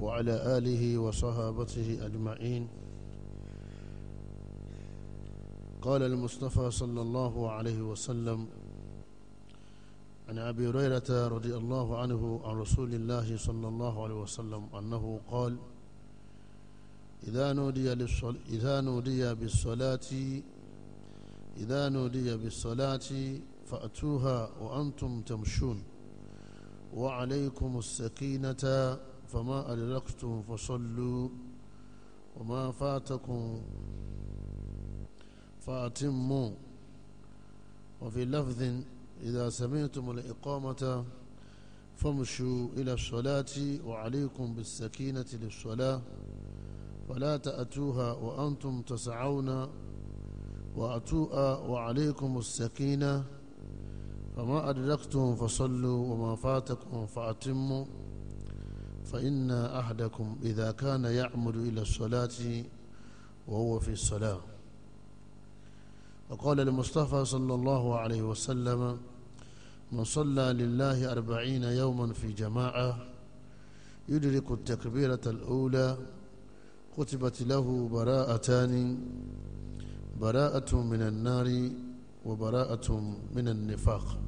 وعلى آله وصحابته أجمعين قال المصطفى صلى الله عليه وسلم عن أبي هريرة رضي الله عنه عن رسول الله صلى الله عليه وسلم أنه قال إذا نودي, إذا نودي بالصلاة إذا نودي بالصلاة فأتوها وأنتم تمشون وعليكم السكينة فما أدركتم فصلوا وما فاتكم فأتموا وفي لفظ إذا سمعتم الإقامة فامشوا إلى الصلاة وعليكم بالسكينة للصلاة ولا تأتوها وأنتم تسعون وأتوها وعليكم السكينة فما أدركتم فصلوا وما فاتكم فأتموا فإن أحدكم إذا كان يعمد إلى الصلاة وهو في الصلاة وقال المصطفى صلى الله عليه وسلم من صلى لله أربعين يوما في جماعة يدرك التكبيرة الأولى كتبت له براءتان براءة من النار وبراءة من النفاق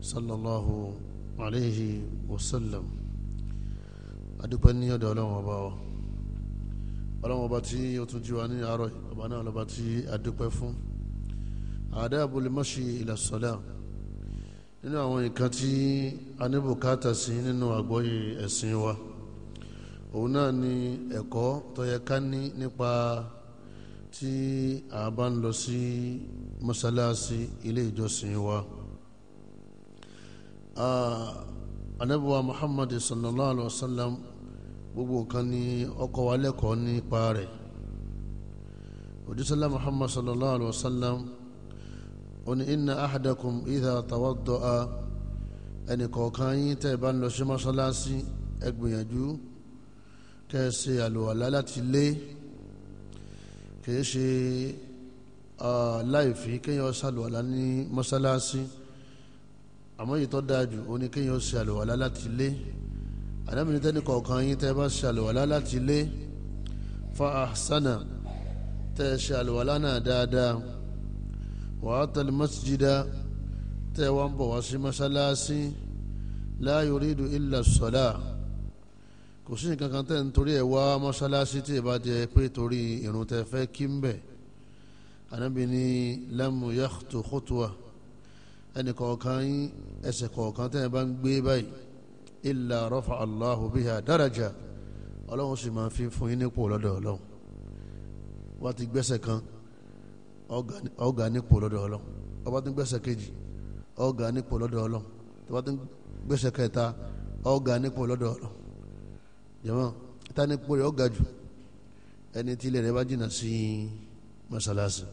صلى الله عليه وسلم adúpẹ́ ní ọ̀dọ̀ ọlọ́run ọba ọ ọlọ́run ọba tí ó tún jí wa ní àárọ̀ ọba náà lọ́ba tí adúpẹ́ fún àdáàbò lè mọ́ ṣe ìlàsọ́lá nínú àwọn nǹkan tí a ní bùkátà sí nínú àgbọ́yé ẹ̀sìn wa òun náà ni ẹ̀kọ́ tó ká ní nípa tí a bá ń lọ sí mọ́sálásí ilé ìjọsìn wa anabuwa muhammadu sallallahu alaihi wasallam gbogbo nǹkan ni ọkọ wa lẹ́kọ̀ọ́ nípa rẹ̀ òdísọ́lá muhammad sallallahu alaihi wa sallam ó ní inna ahadakum idha tawadda'a ẹnì kọ̀ọ̀kan yín tẹ́ ẹ bá ń lọ sí mọ́ṣáláṣí ẹ gbìyànjú kẹ́ ẹ ṣe àlùwàlá láti lé kì í ṣe láìfi kéèyàn ṣàlùwàlá ní mọ́ṣáláṣí àmọ́ èyí tó dáa àdámìní tẹ́ni kọ̀ọ̀kan yín tẹ́ bá ṣàlùwàlá láti lé fa ahsana tẹ́ ṣàlùwàlá náà dáadáa wa atal masjida tẹ́ wá ń bọ̀ wá sí mọ́ṣáláṣí la yuridu illa sọ́lá kò sí nǹkan kan tẹ́ ń torí ẹ̀ wá mọ́ṣáláṣí tí ìbá jẹ pé torí ìrun tẹ́ fẹ́ kí ń bẹ̀ ànábì ní lam yakhtu khutwa ẹnì kọ̀ọ̀kan yín ẹsẹ̀ kọ̀ọ̀kan tẹ́ ẹ bá ń gbé báyìí ilà rọ́fà aláhu bíhà daraja ọlọ́run sì máa fi fún yín nípò lọ́dọ̀ ọlọ́run wá ti gbẹ́sẹ̀ kan ọ̀gá nípò lọ́dọ̀ ọlọ́run ọba ti gbẹ́sẹ̀ kejì ọ̀gá nípò lọ́dọ̀ ọlọ́run ọba ti gbẹ́sẹ̀ kẹta ọ̀gá nípò lọ́dọ̀ ọlọ́run jẹ́mọ́ ta nípò rẹ̀ ọ̀gá jù ẹni tí ilẹ̀ rẹ̀ bá jìnnà sí mọ́sálásí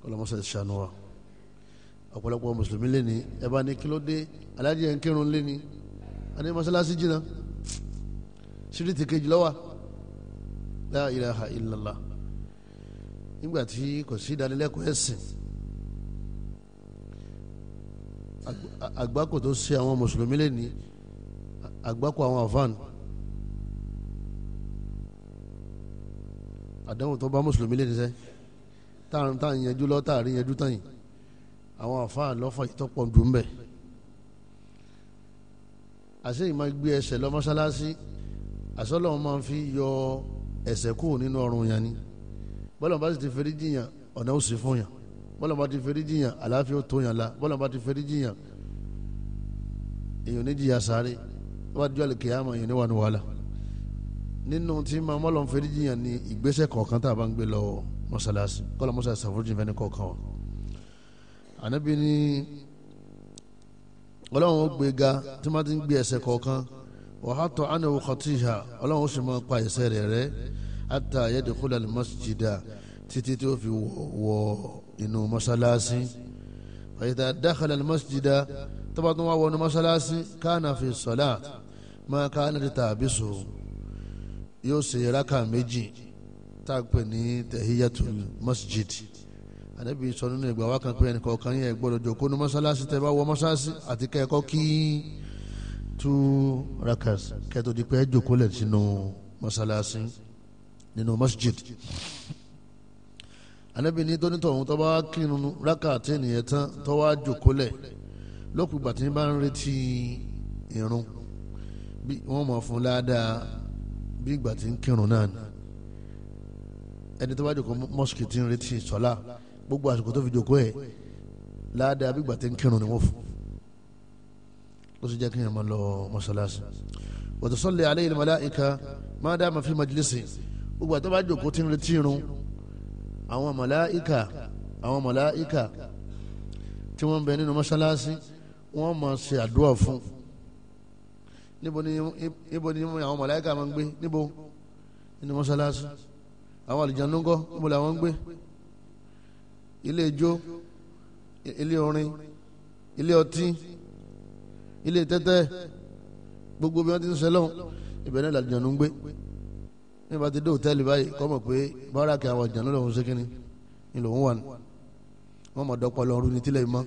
kọ́lọ́mọ́sálásí ṣàánú ọ̀pọ̀lọpọ̀ mùsùlùmí lé ní ẹ bá ní kí ló dé aláàjì ẹ̀ ń kírun lé ní a ní mọ́sálásí jìnnà síríìtì kejì lọ́wọ́ la ilaha illallah nígbà tí kò sí ìdánilẹ́kọ̀ọ́ ẹ̀sìn àgbákò tó ṣe àwọn mùsùlùmí lé ní àgbákò àwọn afán àdánwò tó bá mùsùlùmí lé ní sẹ́ táà ń yanjú lọ́ọ́ táà rí yanjú tán yìí àwọn àfáà lọ́fọ̀ ìtọ́pọ̀ dùn bẹ́ẹ̀ àṣẹ yìí máa gbé ẹsẹ̀ lọ mọ́ṣáláṣí àṣọlọ́wọ́n máa fi yọ ẹsẹ̀ kúrò nínú ọrùn yẹn ni bọ́lá bá sì ti fẹ́rí jiyàn ọ̀nà ó sì fún yàn bọ́lá bá ti fẹ́rí jiyàn àlàáfíà ó tó yàn la bọ́lá bá ti fẹ́rí jiyàn èèyàn ní jìyà sáré wọ́n adúlọ́ lè kéèyàn èèyàn ní wà ní wàhálà nínú tí máa mọ́lọ́ fẹ́rí jiyàn ni ìgbésẹ̀ kọ̀ọ̀kan tá a bá ń gbé lọ mọ́ṣáláṣí kọ́lá mọ́ṣáláṣí àforíjì fẹ́ni kọ̀ọ̀kan wa ànábì ní ọlọ́run ó gbé ga tí wọ́n ti ń gbé ẹsẹ̀ kọ̀ọ̀kan wàhátọ́ ànáwó kọtíhà ọlọ́run ó sì máa pa ẹsẹ̀ rẹ̀ rẹ́ àtà yẹ́dẹ̀kúlẹ̀ mọ́síjìdá títí tí ó fi wọ inú mọ́sálásí fàyídà dákàlẹ̀ mọ́síjìdá tọ́ba tó wá wọnú mọ́sálásí káànà fi sọ́lá máa káànà ti tàbí so yóò ṣe rákà méjì tá a pè ní tahiyatul masjid ànábì sọ nínú ìgbà wa kan pé ẹnì kọ̀ọ̀kan yẹn gbọ́dọ̀ jòkó ní mọ́sálásí tẹ́ bá wọ mọ́sálásí àti kẹ́ẹ̀kọ́ kí two rakas kẹ́ẹ̀tọ́ di pé jòkó lẹ̀ sínú mọ́sálásí nínú masjid ànábì ní tónítọ̀ ọ̀hún tó bá kírun raka àti ènìyàn tán tó wá jòkó lẹ̀ lókùn ìgbà tí ń bá ń retí irun bí wọ́n mọ̀ fún ládàá bí ìgbà tí ń kírun náà ẹni tó bá jòkó mọ́sùkì gbogbo àsìkò tó fi jòkó ẹ̀ ládàá bí gbàtẹ́ ń kírun ni wọ́n fún ó sì jẹ́ kí n máa lọ mọ́ṣáláṣí wa tusalli alayhi al-malaika ma dama fi majlisi gbogbo àti bá jòkó tí ń retí irun àwọn màláìka àwọn màláìka tí wọ́n ń bẹ nínú mọ́ṣáláṣí wọ́n máa ṣe àdúrà fún níbo ni níbo ni àwọn máa ń gbé níbo nínú mọ́ṣáláṣí àwọn àlùjànnú ńkọ́ níbo làwọn ń gbé ilé ijó ilé orin ilé ọtí ilé tẹ́tẹ́ gbogbo bí wọ́n ti ń sẹ́ lọ́hùn ibẹ̀ náà làjọ̀nù ń gbé nígbà tí dé hòtẹ́ẹ̀lì báyìí kọ́ mọ̀ pé báràkì àwọn àjọ̀nù lòun ṣe kínní ni lòun wà ní wọ́n mọ̀ dọ́pọ̀ lọ́rùn ní tílẹ̀ mọ́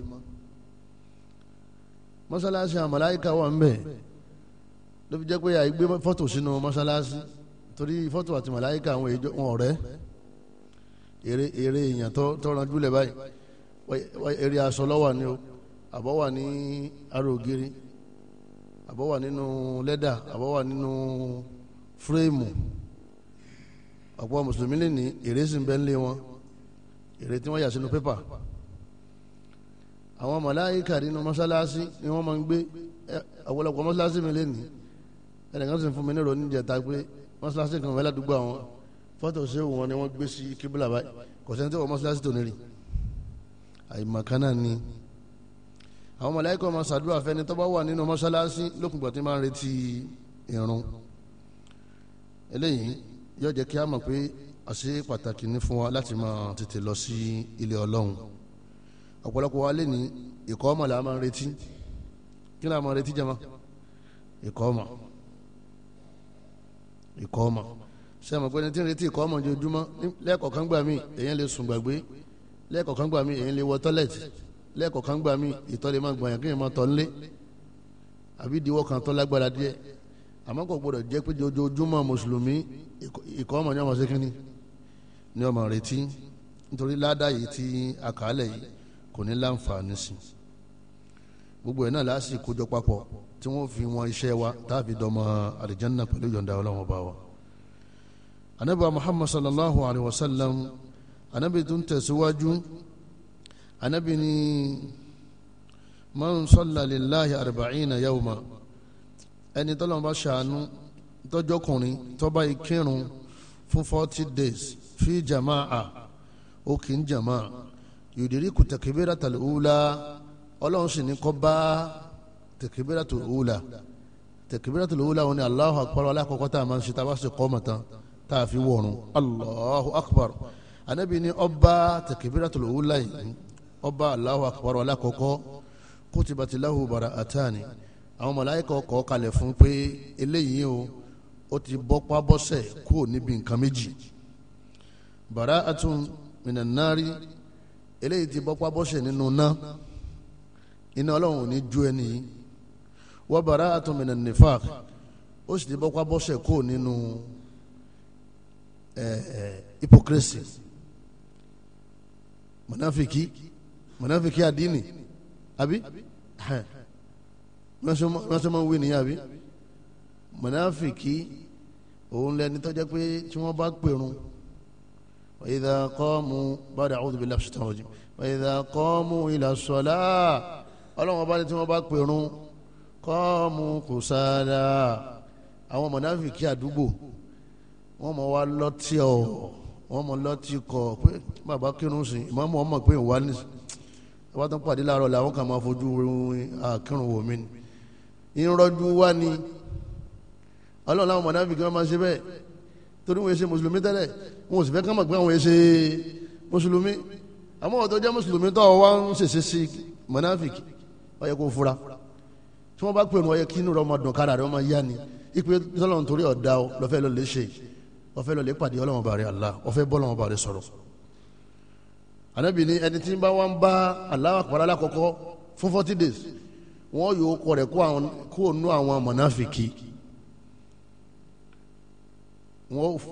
mọ́sálásí àwọn màláíkà wà ń bẹ̀ ló fi jẹ́ pé àìgbé fọ́tò sínú mọ́sálásí torí fọ́tò àti màláíkà àwọn ọ̀rẹ́ eré eré èèyàn tó lẹ̀ báyìí eré aṣọ lọ́wọ́ ni o àbọ̀ wà ní arógiri àbọ̀ wà nínú lẹ́dà àbọ̀ wà nínú fúrẹ́ẹ̀mù ọ̀pọ̀ mùsùlùmí lè ní eré sì ń bẹ nílé wọn eré tí wọ́n yà sínú pépà àwọn màláíkà nínú mọ́sálásí ni wọ́n máa ń gbé ọ̀pọ̀lọpọ̀ mọ́sálásí mi lè ní ẹnìkan sì ń fún mi ní ìròyìn ìjẹta pé mọ́sálásí kan fẹ́ ládùúgbò àwọn fọ́tò ṣéwù wọn ni wọ́n gbé sí kíbílà báyìí kò sẹ́ni tí wọ́n mọ́ṣáláṣí tó nílì àìmọ̀kánà ni àwọn mọ̀láìkọ́ ọmọ sàdúrà fẹ́ni tó bá wà nínú mọ́ṣáláṣí lókùngbà tí máa ń retí irun eléyìí yóò jẹ́ kí a mọ̀ pé àṣẹ pàtàkì ní fún wa láti máa tètè lọ sí ilé ọlọ́run ọ̀pọ̀lọpọ̀ wa lè ní ìkọ́ ọmọ là máa ń retí kí ni a máa retí jẹ́ ma ìkọ́ ọmọ ìkọ́ ọmọ ṣe mọ̀ pé ní tí ń retí ìkọ́ ọmọ ojoojúmọ́ lẹ́ẹ̀kọ̀kan gbà mí èyàn lè sùn gbàgbé lẹ́ẹ̀kọ̀kan gbà mí èyàn lè wọ tọ́lẹ̀tì lẹ́ẹ̀kọ̀kan gbà mí ìtọ́ lè máa gbọ̀nyàn kéèyàn máa tọ̀ ńlé àbí ìdíwọ́ kan tó lágbára díẹ̀ àmọ́ kò gbọdọ̀ jẹ́ pé ojoojúmọ́ mùsùlùmí ìkọ́ ọmọ ni ọmọ ṣe kínní ni ọmọ retí nítorí ládà yìí ti àkàálẹ̀ yìí kò ní wa táàbí dọmọ anabi muhammad sallallahu alayhi wa sallam anabi tún tẹ̀síwájú anabi ni man salla lillahi arba'ina yawma ẹni tọ́lọ́mù bá ṣàánú tọ́jọ́kùnrin tọ́ba ìkírun fún forty days fi jama'a ó kì í jama'a yòdìrí kù tẹ̀kẹ́bẹ́rẹ́ tàlẹ́ ọlọ́run sì ní kọ́ bá tẹ̀kẹ́bẹ́rẹ́ tàlẹ́ òwúlá tẹ̀kẹ́bẹ́rẹ́ wọn ni Allahu akbar alákọ̀ọ́kọ́ tá a máa ń ṣe tá a bá ṣe kọ́ mọ̀ tán tá a fi wọ̀run allahu akbar anabi ni ọba takbiratul ula yìí ọba allahu akbar alákọ̀ọ́kọ́ kutibati lahu bara'atani àwọn màláíkà kọ́ kalẹ̀ fún pé eléyìí o ó ti bọ́pá bọ́sẹ̀ kó níbi nǹkan méjì bara'atun minan nari eléyìí ti bọ́pá bọ́sẹ̀ nínú náà iná ọlọ́run ò ní ju ẹni yìí wa bara'atun minan nifaq ó sì ti bọ́pá bọ́sẹ̀ kó nínú hypocrisy mọ̀nàfìkì mọ̀nàfìkì àdínì àbí lọ́sọ̀ máa ń wí nìyẹn àbí mọ̀nàfìkì òun lẹni tọ́jà pé tí wọ́n bá pèrún ìdá kọ́ọ̀mù bàdà àwọn òdòdó lẹ́fṣẹ̀ tán ọ̀jẹ̀ ìdá kọ́ọ̀mù ìlà sọ̀lá ọlọ́wọ́n bá ní tí wọ́n bá pèrún kọ́ọ̀mù kò àwọn mọ̀nàfìkì àdúgbò wọ́n mọ̀ wá lọ́tí ọ̀ wọ́n mọ̀ lọ́tí kọ̀ pé bàbá kírun sí ìmọ̀mù ọmọ pé ìwà ní ìwà tó ń pàdé láàárọ̀ làwọn kan máa fojú àkírun wò mí ni ìrọ́jú wá ni ọlọ́run láwọn mọ̀nàbí kí wọ́n máa ṣe bẹ́ẹ̀ torí wọn ṣe mùsùlùmí tẹ́lẹ̀ wọn ò sì fẹ́ ká mọ̀ pé àwọn ṣe mùsùlùmí àmọ́ ọ̀tọ̀ jẹ́ mùsùlùmí tó wá ń ṣèṣe sí mọ̀nàfíkì ó yẹ kó fura tí wọ́n bá pè ní ó yẹ kí inú rẹ̀ ọmọ dùn kára rẹ̀ ọmọ yá ni ìpè sọ́lọ́run torí ọ̀dà lọ́fẹ́ lọ́ọ́ lè ṣe yìí ọfẹ́ lọ lè pàdé ọlọ́wọ́n bá rẹ Allah ọfẹ́ bọ́ ọlọ́wọ́n bá ẹni tí ń bá wa ń bá Allahu Akbar alákọ̀ọ́kọ́ fún forty days wọ́n yóò kọ rẹ̀ kó nú àwọn mọ̀náfìkì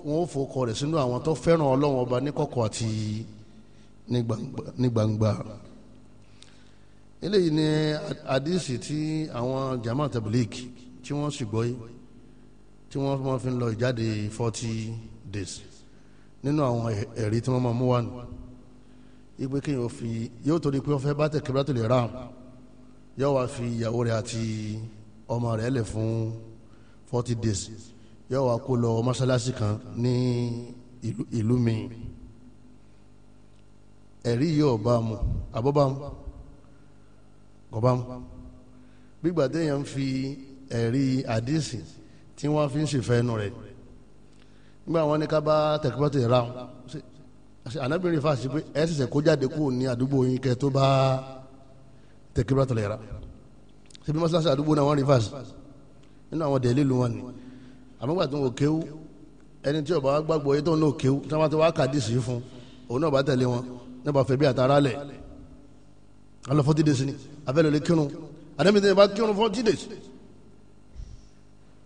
wọ́n fò kọ rẹ̀ sínú àwọn tó fẹ́ràn ọlọ́wọ́n ọba ní kọ̀kọ̀ àti ní gbangba eléyìí ni àdìsí tí àwọn jama tabligh tí wọ́n sì gbọ́ yìí tí wọ́n máa fi ń lọ ìjáde forty days nínú àwọn ẹ̀rí tí wọ́n máa mú wá nù igbe kéèyàn ò fi yóò torí pé wọ́n fẹ́ bá tẹ̀ kébìrà tó lè rà yóò wá fi ìyàwó rẹ̀ àti ọmọ rẹ̀ lẹ̀ fún forty days yóò wá kó lọ mọ́sálásí kan ní ìlú mi ẹ̀rí yóò bá mu àbọ̀bá mu kò bá mu gbígbà téèyàn fi ẹ̀rí àdísì tí wọ́n fi ń ṣèfẹ́ inú rẹ̀ nígbà wọn ní ká bá tẹkipọ́tì ra anábìrin fàṣì pé ẹ ṣẹ̀ṣẹ̀ kó jáde kúrò ní àdúgbò yín kẹ́ tó bá tẹkipọ́tì rẹ̀ ra ṣebí mọ́ṣáláṣí àdúgbò náà wọ́n rí fàṣì nínú àwọn dẹ̀lí lu wọn ni àmọ́gbà tó ń wò kéwú ẹni tí ọba gbàgbọ́ yìí tó ń lò kéwú tí wọ́n ti wá kàdísì fún òun náà bá tẹ̀lé wọn nípa fẹ́ bí àtàrà lẹ̀ alọ́ fọ́tídẹ̀sì ni abẹ́lẹ̀ lè kírun àdẹ́mìtẹ́ bá kírun fọ́tídẹ̀sì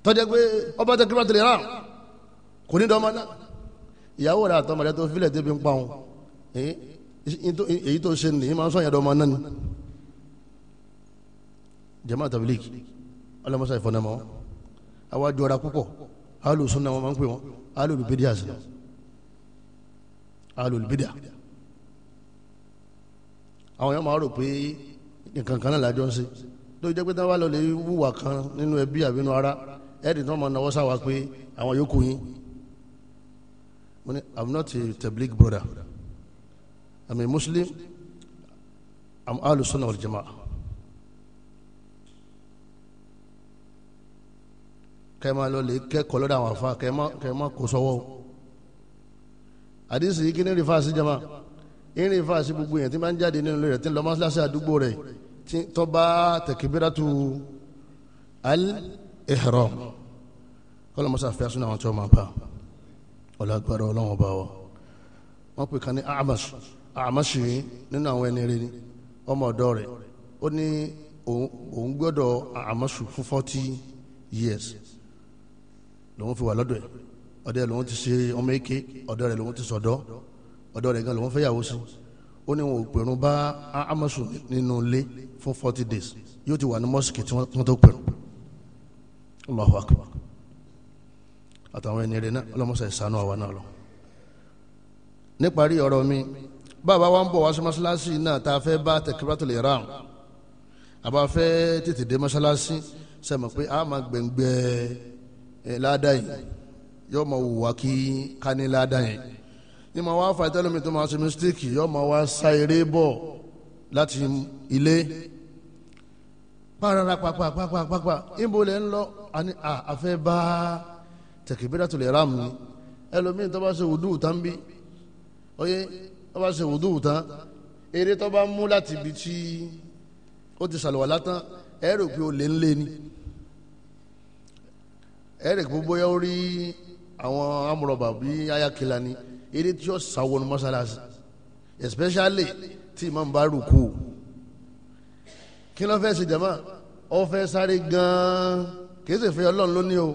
tọ́jà pé ọba tẹ kíláàtì lè rà kò ní dọ́mọ náà ìyàwó rẹ àtọmọ rẹ tó filẹ̀ débi ń pa òun èyí tó ṣe nìyí máa ń sọ̀yàn dọ́mọ náà ni jama tabiliki ọlọmọsá ìfọ̀nàmọ́ àwa jọra púpọ̀ alu sunna wọn máa ń pè wọn alu olùbídìí àṣẹ alu olùbídìí àṣẹ àwọn yẹn máa rò pé nǹkan kan náà lájọ ń ṣe lójú jẹ́ pé táwọn bá lọ lè wúwà kan nínú ẹbí àbínú ara ẹ̀ẹ́dì tó máa náwó sáwà pé àwọn yòókù yín mo ní i'm not a tabligh brother i'm a muslim i'm ahlu sunnah wal Jama. kẹ́ẹ̀ máa lọ lè kẹ́kọ̀ọ́ lọ́dọ̀ àwọn afa kẹ́ẹ̀ máa kó àdìsí yìí kí ní rìfáàsì jama ní rìfáàsì gbogbo yẹn tí máa ń jáde nínú rẹ̀ tí ń lọ mọ́sálásí àdúgbò rẹ̀ tó bá tẹ̀kíbíràtù al ihram kọ́lọ́mọ́sá fẹ́ sínú àwọn tí wọ́n máa pa ọ̀làgbàdo ọlọ́wọ́n bá wa wọ́n pè kan ní amash amash yìí nínú àwọn ẹni rẹ ni ọmọ ọ̀dọ́ rẹ̀ ó ní òun gbọ́dọ̀ amash fún forty years lòun fi wà lọ́dọ̀ ẹ̀ ọ̀dọ̀ ẹ̀ lòun ti ṣe ọmọ eke ọ̀dọ̀ rẹ̀ lòun ti sọ̀dọ̀ ọ̀dọ̀ rẹ̀ gan lòun fẹ́ yàwó sí ó ní wọn ò pẹ̀rùn bá amash nínú ilé fún forty days yóò ti wà ní mọ́sìkì tí wọ́n tó pẹ̀rùn. Allahu akbar àtàwọn ẹni rẹ náà ọlọmọsẹ ìsànú àwa náà lọ níparí ọ̀rọ̀ mi bàbá wa ń bọ̀ wá sí mọ́ṣáláṣí náà tá a fẹ́ bá tẹkíratìlì ram àbá fẹ́ tètè dé mọ́ṣáláṣí sẹ́mi pé a máa gbẹ̀ngbẹ́ ládàá yìí yóò máa wù wá kí ká ní ládàá yìí ní ma wá fa ìtẹ́lómi tó máa ṣe mistake yóò máa wá sa eré bọ̀ láti ilé pàrọ̀nà pàpàpàpàpà níbo lè ń lọ àní àfẹ́ bá takbiratul ihram ni ẹlòmíì tó bá ṣe wùdú tán bí oyè tó bá ṣe wùdú tán eré tó bá mú láti ibi tí ó ti ṣàlùwàlá tán ẹ rò pé o lè ń lé ni ẹ rò pé bóyá ó rí àwọn amúrọ̀bà bí ayakela eré tí ó sàwọn mọ́sálásí especially tí imam bá rù kú o kí ló fẹ́ ṣe jama ó fẹ́ sáré gan-an kì í sì fẹ́ ọlọ́run lónìí o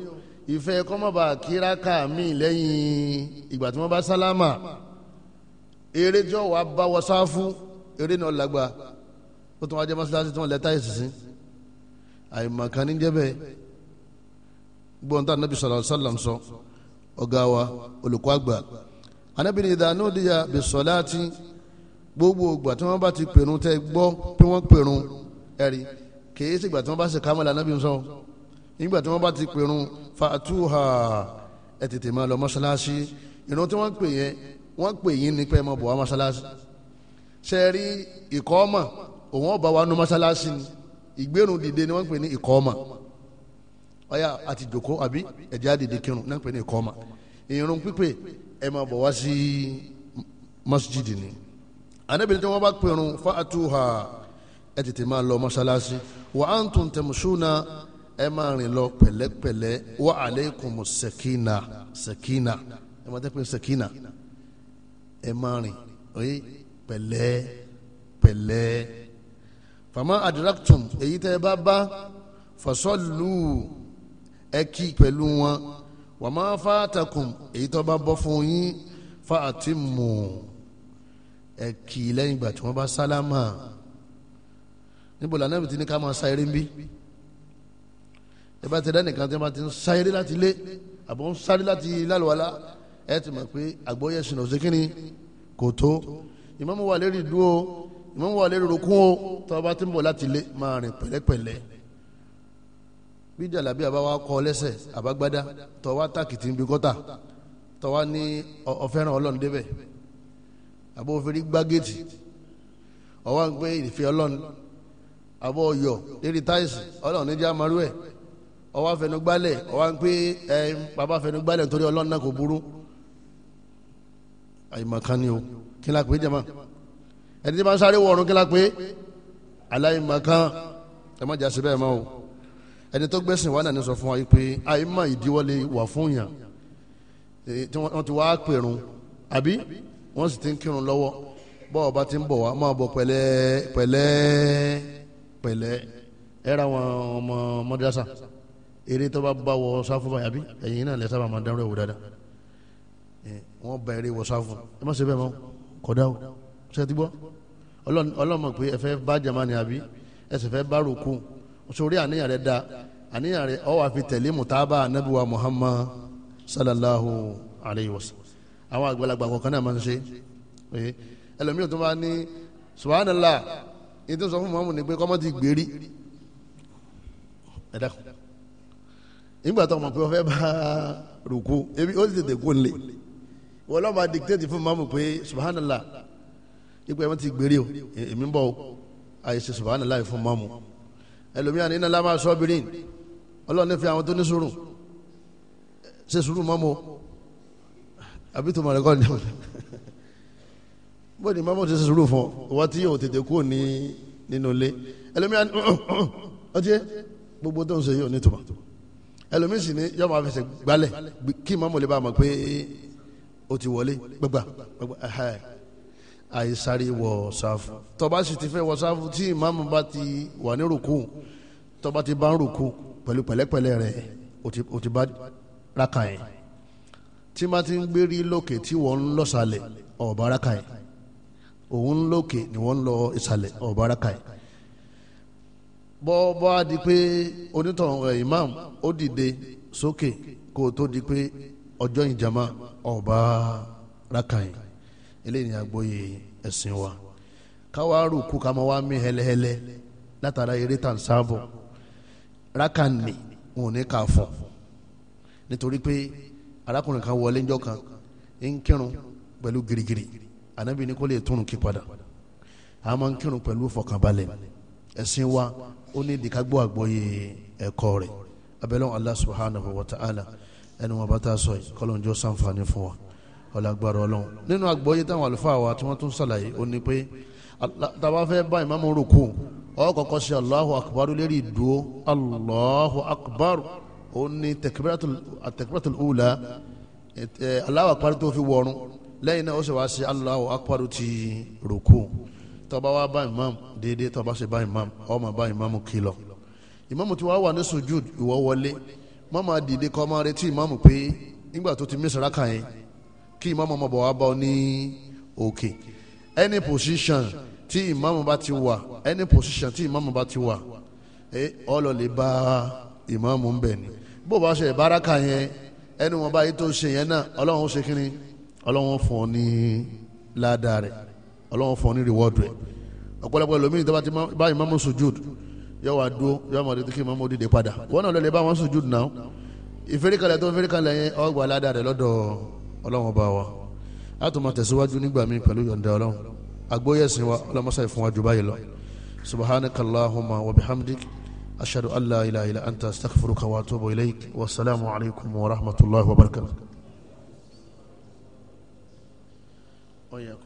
ìfẹ́ kọ́mọ́bà kíráka mi lẹ́yìn ìgbà tí wọ́n bá sálámà eré tí wọ́n wá bá wọ sáfù eré náà lágbá ó tún wá jẹ́ mọ́sálásí tí wọ́n lẹ́tà ìsìn àìmọ̀kan ní jẹ́ bẹ́ẹ̀ gbọ́n tá anabi sọ̀rọ̀ sálàm sọ ọ̀gá wa olùkọ́ àgbà anabi ìdáná òdìyà bẹ̀sọ̀ láti gbogbo ìgbà tí wọ́n bá ti pèrún tẹ́ gbọ́ pé wọ́n pèrún ẹ̀rí kèé sígbà tí wọ́n bá ṣe kámẹ́lá nábì ń sọ nígbà tí wọ́n bá ti pèrún fàtúhà ẹ̀ tètè máa lọ mọ́ṣáláṣí ìrun tí wọ́n pè yẹn wọ́n pè yín ní pẹ́ mọ́ bọ̀ wá mọ́ṣáláṣí ṣe rí ìkọ́ ọmọ òun ọba wa nu mọ́ṣáláṣí ni ìgbérun dìde ni wọ́n pè ní ìkọ́ ọmọ ọ̀yà àti jòkó àbí ẹ̀jẹ̀ àdìdì kírun náà pè ní ìkọ́ ọmọ ìrun pípé ẹ̀ máa bọ̀ wá sí masjid ni anábìrin tí wọ́n bá pèrún fàtúhà ẹ tètè máa lọ mọ́ṣáláṣí wa antum tamshuna ẹ máa rìn lọ pẹ̀lẹ́pẹ̀lẹ́ wa alaykumu sakina sakina ẹ máa tẹ́pẹ́ sakina ẹ máa rìn oye pẹ̀lẹ́ pẹ̀lẹ́ fama adraktum èyí tẹ́ ẹ bá bá fasallu ẹ kí pẹ̀lú wọn wa ma fatakum èyí tó bá bọ́ fún yín fa atimmu ẹ kí lẹ́yìn ìgbà tí wọ́n bá sálámà níbo la ibi tí ní ká máa sa eré ń bí ẹ bá ti dánìkan tí wọn bá ti ń sa eré láti lé àbọ̀ ń sáré láti lálùwalá ẹ ti mọ̀ pé àgbọ̀yẹ̀ sùn ọ̀sẹ̀ kínní kò tó ìmáàmù wà lérí dúró ìmáàmù wà lérí rokún o tọ́ bá ti ń bọ̀ láti lé máa rìn pẹ̀lẹ́pẹ̀lẹ́ bí jàlábí àbá wa kọ lẹ́sẹ̀ àbágbádá tọ́ wa tàkìtì níbi gọ́tà tọ́ wa ní ọ̀fẹ́ràn ọlọ́run débẹ̀ àbó òfin gbá géètì ọ̀wá ń pé ìfẹ́ ọlọ́run àbọ̀ ọ̀yọ̀ lérí táìsì ọlọ́run níjà marú ẹ̀ ọwọ́ afẹnugbálẹ̀ ọwọ́ ń pé ẹ bàbá afẹnugbálẹ̀ nítorí ọlọ́run náà kò burú àyìnmàkánni o kí la pé jama ẹni tí máa ń sáré wọ̀ọ̀rùn kí la pé aláìmàkán ẹ má jà síbẹ̀ mọ́ o ẹni tó gbẹ́sìn wà nàní sọ fún wa pé àyìnmà ìdíwọ́lé wà fún yàn tí wọ́n ti wá pèrún àbí wọ́n sì ti ń kírun lọ́wọ́ bọ́ọ̀ bá ti ń bọ̀ wá máa bọ̀ pẹ̀lẹ́ pẹ̀lẹ́ pẹ̀lẹ́ ẹ̀rọ àwọn ọmọ mọ́dásà eré tó bá bá wọ sáfù báyà bí ẹ̀yìn náà lẹ́sà bá máa dánrọ̀ ẹ̀wò dáadáa wọ́n bá eré wọ sáfù ẹ má ṣe bẹ́ẹ̀ mọ́ kódà o ṣe ti gbọ́ ọlọ́mọ pé ẹ fẹ́ bá jamani àbí ẹ sì fẹ́ bá rògbò sórí àníyàn rẹ dáa àníyàn rẹ ọ wà fi tẹ̀lé mùtábà anábìwá Muhammad sallallahu alayhi wa sallam àwọn àgbàlagbà kọ̀ọ̀kan náà máa ń ṣe ẹlòmíràn tó bá ní subhanallah ètò sọ fún mọ́mù ni pé kọ́mọ́ ti gbèrí ẹ dákun nígbà tó mọ̀ pé wọ́n fẹ́ bá rúkú ebi ó sì tètè kó lè wọ́n lọ́ọ́ máa dictate fún mọ́mù pé subhanallah ipò ẹ̀ wọ́n ti gbèrí o èmi ń bọ̀ o àìsè subhanallah fún mọ́mù ẹlòmíràn ní nàlámà sọ́bìrín ọlọ́run nífẹ̀ẹ́ àwọn tó ní sùúrù ṣe sùúrù mọ́mù àbí tó mọ̀ rẹ̀ kọ́ ni bó ni mọ́mù ti sùúrù fún ọ wọ́n ti yóò tètè kó ní nínú ilé ẹlòmíà ní ọtí gbogbo tó ń sọ yìí ò ní tuma ẹlòmíì sì ní yọọ máa fẹsẹ̀ gbálẹ̀ kí mọ́mọ́ lè bá a mọ̀ pé ó ti wọlé gbẹgbà àìsáré wọ ṣáfù tọba sì ti fẹ́ wọ ṣáfù tí ìmáàmù bá ti wà ní rùkú tọba ti bá ń rùkú pẹ̀lú pẹ̀lẹ́pẹ̀lẹ́ rẹ̀ ó ti bá rákà yẹn tí má ti ń gbérí lókè tí wọ́n ń lọ́sàlẹ̀ ọ̀bá rákà yẹn. òun lókè ni wọ́n lọ ìsàlẹ̀ ọ̀báraka yìí bọ́ bọ́ a di pé eh, imam ó dìde sókè kó o tó di pé ọjọ́ ìjàmá ọ̀báraka yìí eléyìí ni àgbóyè ẹ̀sìn wa káwa rúkú ká máa wá mí hẹlẹhẹlẹ látara eré tàn sáàbọ̀ raka nì wọn ò ní kan wọlé anabi ní kó lè tún kí padà a máa ń kírun pẹ̀lú fọkànbalẹ̀ ẹ̀sìn wa ó ní ìdíkágbó àgbọ́yé ẹ̀kọ́ rẹ̀ abẹ́lẹ́ Allah subhanahu wa ta'ala ẹni wọn bá tá a sọ yìí kọ́lọ́n jọ sànfàní fún wa ọ̀làgbàrọ̀ ọlọ́run nínú àgbọ́yé táwọn àlùfáà wa tí wọ́n tún ṣàlàyé ó ní pé tàbá fẹ́ bá ìmáàmù rúkú ó kọ́kọ́ Allahu akbar lérí ìdúró Allahu akbar ó ní takbiratul ula eh, eh, Allahu akbar tó fi wọrun lẹ́yìn náà ó sì wáá ṣe Allahu akbar ti rúkú tọba wa bá imam déédéé tọba ṣe bá imam ọmọ bá imam kìlọ̀ imam ti wá wà ní sujud ìwọ wọlé mọ́mọ́ dìde kọ́ máa retí imam pé nígbà tó ti mísàrá kàn yín kí imam ọmọ bọ̀ wá bá ní òkè any position tí imam bá ti wà any position tí imam bá ti wà ọlọ́lẹ̀ bá imam ń bẹ̀ ni bó bá ṣe ìbáraka yẹn ẹni wọn bá yìí tó ṣe yẹn náà ọlọ́run ó ṣe kínní ọlọ́wọ́n fún ọ ní ládàá rẹ̀ ọlọ́wọ́n fún ọ ní reward rẹ̀ ọ̀pọ̀lọpọ̀ ẹlòmíì tó bá ti bá ìmáàmù sùjúd yóò wá dúró yóò mọ̀ títí kí ìmáàmù ó dìde padà wọn náà lọlẹ̀ bá wọn sùjúd náà ìfẹ́ríkalẹ̀ tó fẹ́ríkalẹ̀ yẹn ó gba ládàá rẹ̀ lọ́dọ̀ ọlọ́wọ́n bá wa a máa tẹ̀síwájú nígbà míì pẹ̀lú yọ̀ǹda ọlọ́run agbóyẹ̀sìn subhanakallahumma wa ashhadu an illa anta astaghfiruka wa ilayk wa assalamu wa rahmatullahi wa barakatuh Oh, yeah.